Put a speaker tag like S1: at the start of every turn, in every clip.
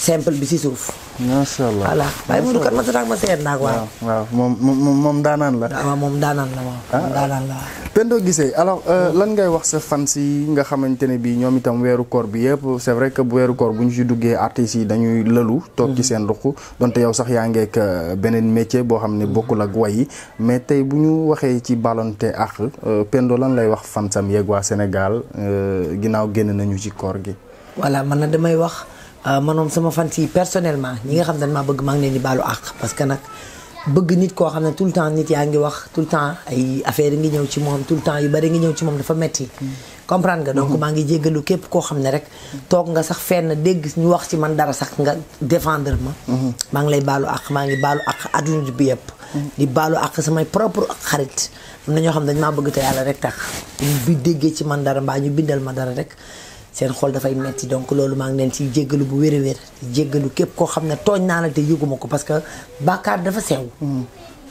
S1: simple bi si suuf. macha allah voilà waaye Modou kan ma sa tax ma seet naag waaw. waaw moom moom moom daanaan la. Ah, waaw moom daanaan la waaw. moom ah. daanaan la waaw. Pendo Guissé alors euh, lan ngay wax sa fans yi nga xamante ne bii ñoom itam weeru koor bi yëpp c'est vrai que bu weeru koor bu ñu si duggee artistes yi dañuy lëlu. toog ci mhm. seen ruq donte yow sax yaa ngeek euh, beneen métier boo xam ne mhm. bokkul ak way yi mais tey bu ñu waxee ci ballonte ak euh, Pendo lan lay wax fansam yeeg waa Sénégal ginnaaw génn nañu ci koor gi.
S2: voilà man na Euh, manoom sama fan si personnellement ñi nga xam ne maa bëgg maa ngi leen di baalu àq parce que nag bëgg nit koo xam ne tout le temps nit yaa ngi wax tout le temps ay affaire yi ngi moom tout le temps yu bari ngi ñëw ci moom dafa metti comprendre nga donc mhm. maa ngi jéggalu képp koo xam ne rek toog nga sax fenn dégg ñu wax ci man dara sax nga défendre ma mhm. maa ngi lay baalu àq maa ngi baalu àq adduna bi yëpp mhm. di baalu àq samay propre xarit am na ñoo xam ne dañ maa bëgg te yàlla rek tax bi déggee ci man dara mbaa ñu bindal ma dara rek seen xool dafay metti donc loolu maa ngi leen ciy jéggalu bu wér a wér jéggalu képp koo xam ne tooñ naa la te yëguma ko parce que bàkkaar dafa sew hmm.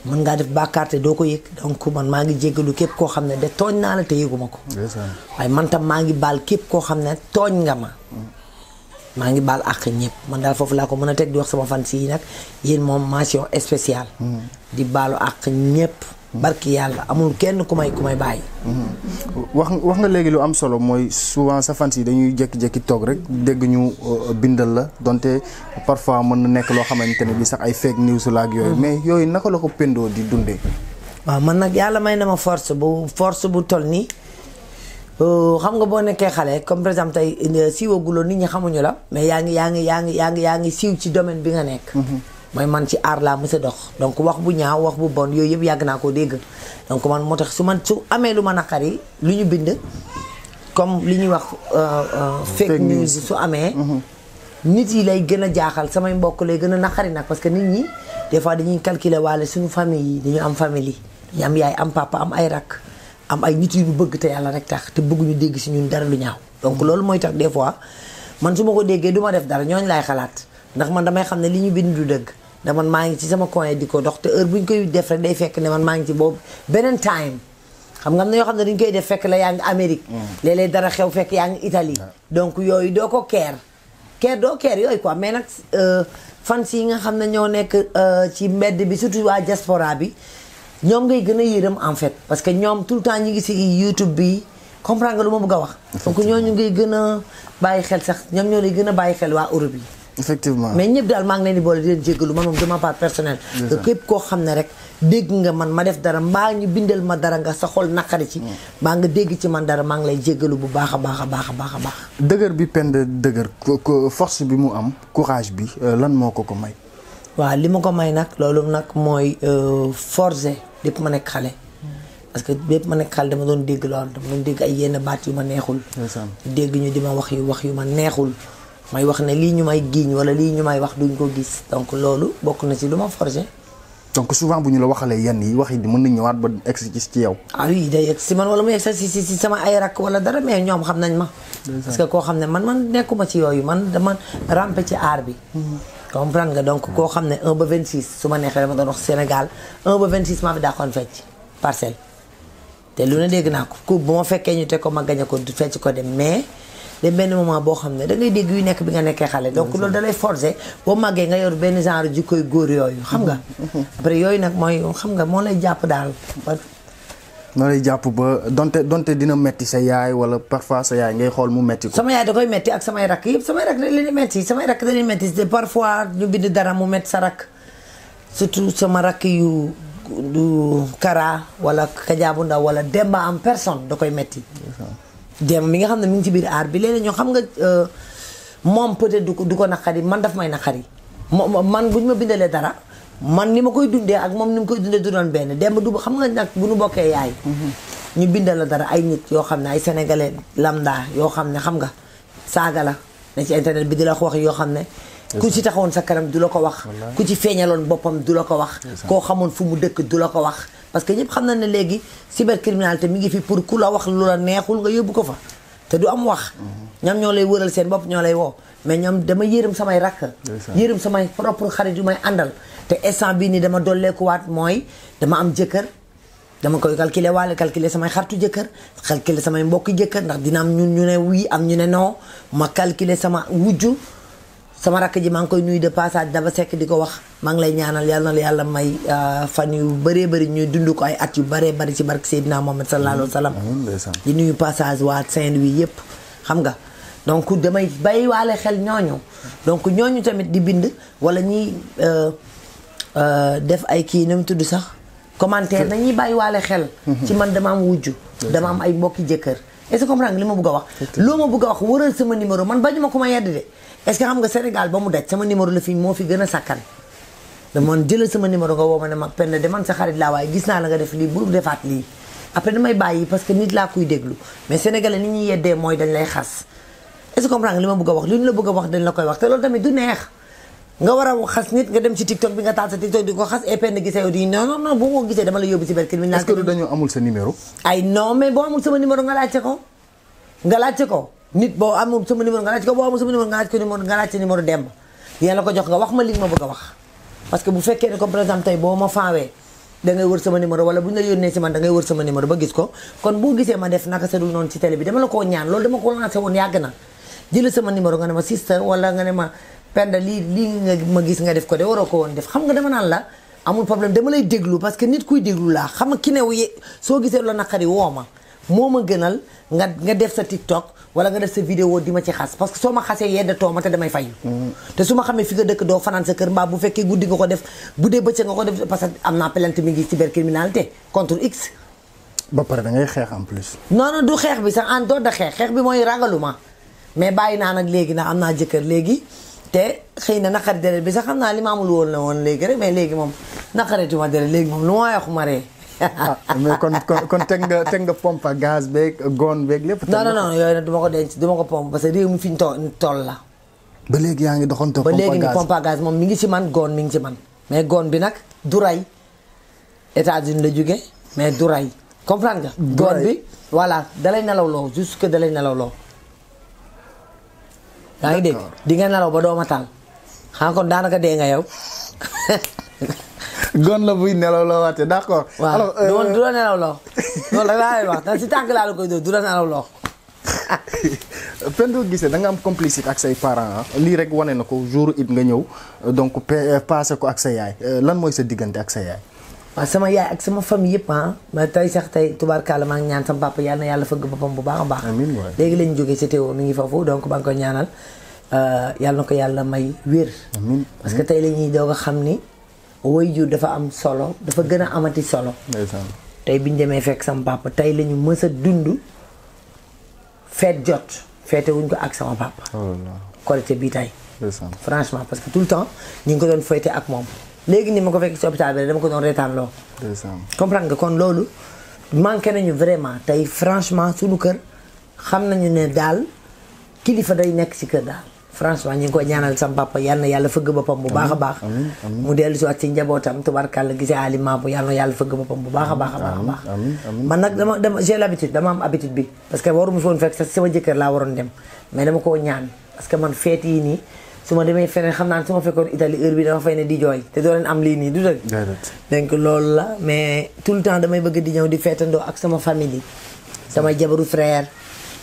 S2: mën ngaa def bàkkaar doo ko yëg donc man maa ngi jéggalu képp koo xam ne de tooñ naa te yëguma ko waaye man tam maa ngi baal képp koo xam ne tooñ nga ma hmm. maa ngi baal àq ñëpp man daal foofu laa ko mën a teg di wax sama fan si yi nag yéen moom mention spéciale hmm. di baalu àq ñëpp barki yàlla amul kenn ku may ku may bàyyi.
S1: Mm-hmm. wax wax nga léegi lu am solo mooy souvent sa fans yi dañuy jékki-jékki toog rek dégg ñu euh, bindal la donte parfois mën na nekk loo xamante ne bi sax ay fake news la ak yooyu. Mm-hmm. mais yooyu naka la ko Pendo di dundee. waaw man nag yàlla may na force bu force bu toll nii
S2: euh, xam nga boo nekkee xale comme par exemple tey euh, siiwaguloo nit ñi xamuñu la mais yaa yaa ngi yaa ngi yaa ngi yaa ngi siiw ci domaine bi nga nekk. Mm-hmm. mooy man ci aar laa mës a dox donc wax bu ñaaw wax bu bon yooyu yëpp yàgg naa koo dégg donc man moo tax su man su amee lu ma naqari lu ñu bind comme li ñuy wax euh, euh, fake news su amee mm-hmm. nit yi lay gën a jaaxal samay mbokk lay gën a naqari nag parce que nit ñi des fois dañuy calculer waale suñu famille yi dañu am famille dañu am yaay am papa am ay rak am ay nit yu bëgg te yàlla rek te bëgguñu dégg si ñun dara lu ñaaw donc loolu mooy tax des fois man su ma ko déggee du ma def dara ñooñ laay xalaat ndax man damay xam ne li ñu bind du dëgg da man maa ngi ci sama coin di ko dox te heure bu ñu koy def rek day fekk ne man maa ngi ci boobu beneen time xam nga am yoo xam ne dañu koy def fekk la yaa ngi Amérique mm. dara xew fekk yaa ngi Italie donc yooyu doo ko keer keer doo keer yooyu quoi mais nag euh, fans yi nga xam ne ñoo nekk euh, ci mbedd bi surtout waa diaspora bi ñoom ngay gën a yërëm en fait parce que ñoom tout le temps ñu ngi si YouTube bi comprendre nga lu ma bëgg a wax donc ñooñu ngay gën a bàyyi xel sax ñoom ñoo lay gën a bàyyi xel waa Europe yi
S1: effectivement mais
S2: ñëpp daal maa ngi leen di boole di leen jéggalu man moom de ma part personnelle. képp koo xam ne rek dégg nga man ma def dara mbaa ñu bindal ma dara nga sa xol naqari ci. Mm. mbaa nga dégg ci man dara maa ngi lay jéggalu bu baax a baax a baax a baax a baax.
S1: dëgër bi pend dëgër ko force bi mu am courage bi euh, lan moo ko ko may.
S2: waaw li ma ko may nag loolu nag mooy euh, forger lépp ma nekk xale. Mm. parce que bépp ma nekk xale dama doon dégg loolu dama dégg ay yenn baat yu ma neexul. dégg ñu di ma wax yu wax yu ma neexul. may wax ne lii ñu may giiñ wala lii ñu may wax duñ ko gis donc loolu bokk na ci lu ma forger.
S1: donc souvent bu ñu la waxalee
S2: yenn yi wax yi mën na ñëwaat ba egg ci ci yow. ah oui day egg si man wala mu egg si sama ay rakk wala dara mais ñoom xam nañ ma. parce que koo xam ne man man nekkuma ci yooyu man dama rampe ci aar bi.
S1: Mm-hmm.
S2: comprendre nga donc koo xam ne 1 ba 26 su ma neexee dama doon wax Sénégal 1 ba 26 maa fi dàqoon fecc parcelle. te lu ne dégg naa ko ku ma fekkee ñu te ko ma gañe ko du fecc dem mais. dem benn moment boo xam ne da ngay dégg yu nekk bi nga nekkee xale donc loolu dalay lay forcer boo màggee nga yor benn genre jikkoy góor yooyu xam nga après yooyu nag mooy xam nga moo lay jàpp daal
S1: moo lay jàpp ba donte donte dina metti sa yaay wala parfois sa yaay ngay xool mu metti ko. sama yaay da koy metti ak samay rakk yëpp samay rakk da leen di metti samay rakk da leen
S2: di parfois ñu bind dara mu metti sa rakk surtout sama rakk yu du Kara wala Kaja bu wala Demba am personne da koy metti Démb mi nga xam ne mu ngi ci biir aar bi léeg-léeg ñoo xam nga euh, moom peut-être du ko du ko naqari man daf may naqari man bu ñu ma bindalee dara man li ma koy dundee ak moom ni ma koy dundee du doon benn démb du xam nga nag bu nu bokkee yaay. Mhm. ñu bindal la dara ay nit yoo xam ne ay sénégalais lambda yoo xam ne xam nga saaga la ne ci internet bi di la wax yoo xam ne. ku ci taxawoon sa kanam du la ko wax ku ci feeñaloon boppam du la ko wax koo xamoon fu mu dëkk du la ko wax parce que ñëpp xam na ne léegi cybercriminalité mi ngi fi pour ku la wax lu la neexul nga yóbbu ko fa te du am wax mhm. ñoom ñoo lay wëral seen bopp ñoo lay woo mais ñoom dama yërëm samay rakk yërëm samay propre xarit yu may àndal te instant bii nii dama dolleekuwaat mooy dama am jëkkër dama koy calculer waale calculer samay xartu jëkkër calculer samay mbokki jëkkër ndax dina am ñun ñu ne oui am ñu ne non ma calculer sama wujju sama rakk ji maa ngi koy nuyu de passage daba sekk di ko wax maa ngi lay ñaanal yal na yàlla may euh, fan yu bëree bëri ñuy dund ko ay at yu bëree bëri ci barke Seydina Mohamed sallallahu alayhi wa sallam di nuyu passage waa saint wii yëpp xam nga donc damay bay waale xel ñooñu donc ñooñu tamit di bind wala ñiy euh, euh, def ay kii nu tudd sax commentaire nañuy bàyyi waale xel mhm. ci man dama am wujj dama am ay mbokki jëkkër est-ce que comprendre nga li ma bëgg a wax. loo ma bëgg a wax wëral sama numéro man bañu ma ko ma yedd de est-ce que xam nga Sénégal ba mu daj sama numéro la fi moo fi gën a sakkan. dama jëlal sama numéro nga woo ne ma penn de man sa xarit laa waaye gis naa la nga def lii bu defaat lii après damay bàyyi parce que nit laa kuy déglu mais sénégalais ni ñuy yeddee mooy dañ lay xas est-ce nga li ma bëgg a wax li ñu la bëgg a wax dañ la koy wax te loolu tamit du nga war a xas nit nga dem ci TikTok bi nga taal sa TikTok di ko xas EPN gisee yow di non non boo ko gisee dama la yóbbu ci cybercriminalité. est-ce ko ma li a wax. bu fekkee ne comme boo ma faawee da ngay wër wala bu ñu la yónnee ci man da ngay wër sama numéro ba gis ko kon boo gisee ma def naka sedul noonu ci télé bi dama la ñaan loolu dama ko lancé woon yàgg na jël sama numéro nga ne ma sister wala nga ne ma penda lii lii nga ma gis nga def ko de waroo ko woon def xam nga dama naan la amul problème dama lay déglu parce que nit kuy déglu laa xam nga ki ne soo gisee la naqari woo ma moo ma gënal nga nga def sa TikTok wala nga def sa vidéo di ma ci xas parce que soo ma xasee yedda too ma te damay fayu mm-hmm. te su ma xamee fi nga dëkk doo fanaan sa kër mbaa bu fekkee guddi nga ko def bu dee bëccëg nga ko def parce que am naa plainte mi ngi cybercriminalité contre X.
S1: ba pare da ngay xeex en plus.
S2: non non du xeex bi sax en dehors de xeex xeex mooy ragaluma mais bàyyi naa nag léegi nag am naa jëkkër léegi. te xëy na naqari deret bi sax xam naa li ma amul woon la woon léegi rek mais léegi moom naqareetuma deret léegi moom lu ma waxu ma ree ah, mais kon kon teg nga teg nga pompe à gaz beeg goon beeg lépp. non non yooyu nag du ko denc du ma ko pompe parce que réew mi fi toll la.
S1: ba léegi yaa ngi doxantoo. pompe a
S2: gaz ba léegi moom mi ngi ci man goon mi ngi ci man. mais goon bi nag du ray États-Unis la juge mais du ray comprendre nga. goon bi voilà dalay nelaw loo juste que dalay nelaw loo. yaa ngi dégg di nga nelaw ba dooma taal xam kon daanaka dee nga yow.
S1: gon la buy nelaw loo waate d' accord. alors waaw
S2: euh, du la nelaw loo loolu da laa lay wax da si tànk laa la koy dóor du la nelaw loo.
S1: Pendo Guissé da nga am complicité ak say parents ah. lii rek wane na ko jour it nga ñëw donc euh, passé ko ak sa yaay euh, lan mooy sa diggante ak sa yaay. waaw sama yaay
S2: ak sama famille yëpp ah ma tey sax tey tubaar maa ngi ñaan sama papa yàlla na yàlla fëgg boppam bu baax a baax léegi lañ jógee ci teew mi ngi foofu donc ba nga ko ñaanal euh, yàlla na ko yàlla may wér parce que tey la ñuy doog a xam ni jur dafa am solo dafa gën a amati solo tey bi ñu demee fekk sama papa tey la ñu mës a dund feet jot feete wuñ ko ak sama papa oh korité bi tey franchement parce que tout le temps ñu ngi ko doon feyte ak moom léegi ni ma ko fekk ci hôpital bi dama ko doon reetaan loo comprendre nga kon loolu manqué nañu vraiment tey franchement suñu kër xam nañu ne daal kilifa day nekk ci kër daal franchement ñu ngi koy ñaanal sam papa na yàlla fëgg boppam bu baax a baax mu dellu si waat ci njabootam tubarkàlla gisee aliment bu yal na yàlla fëgg boppam bu baax a baax a baax a baax man nag dama dama j'ai l'habitude dama am habitude bi parce que waru mu foon fekk sax sama dem su ma demee feneen xam naa ne su ma fekkoon Italie heure bi dama fay ne di jooy te doo leen am lii nii du dëgg. donc lool la mais tout le temps damay bëgg di ñëw di feetandoo ak sama famille. sama jabaru frère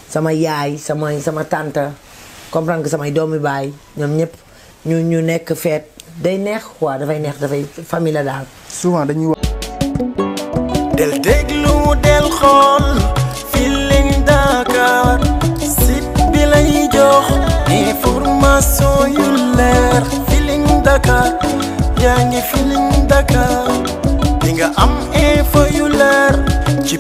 S2: sama yaay sama sama tante comprendre que samay doomi baay ñoom ñëpp ñu ñu nekk feet day neex waa dafay neex dafay famille la daal. souvent dañuy wax.
S1: del déglu del xool. information yu leer Feeling yaa ngi Feeling Dakar di nga am info yu leer ci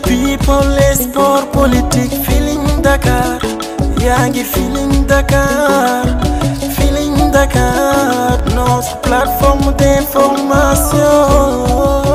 S1: yaa ngi Feeling Dakar Feeling Dakar notre plateforme d'information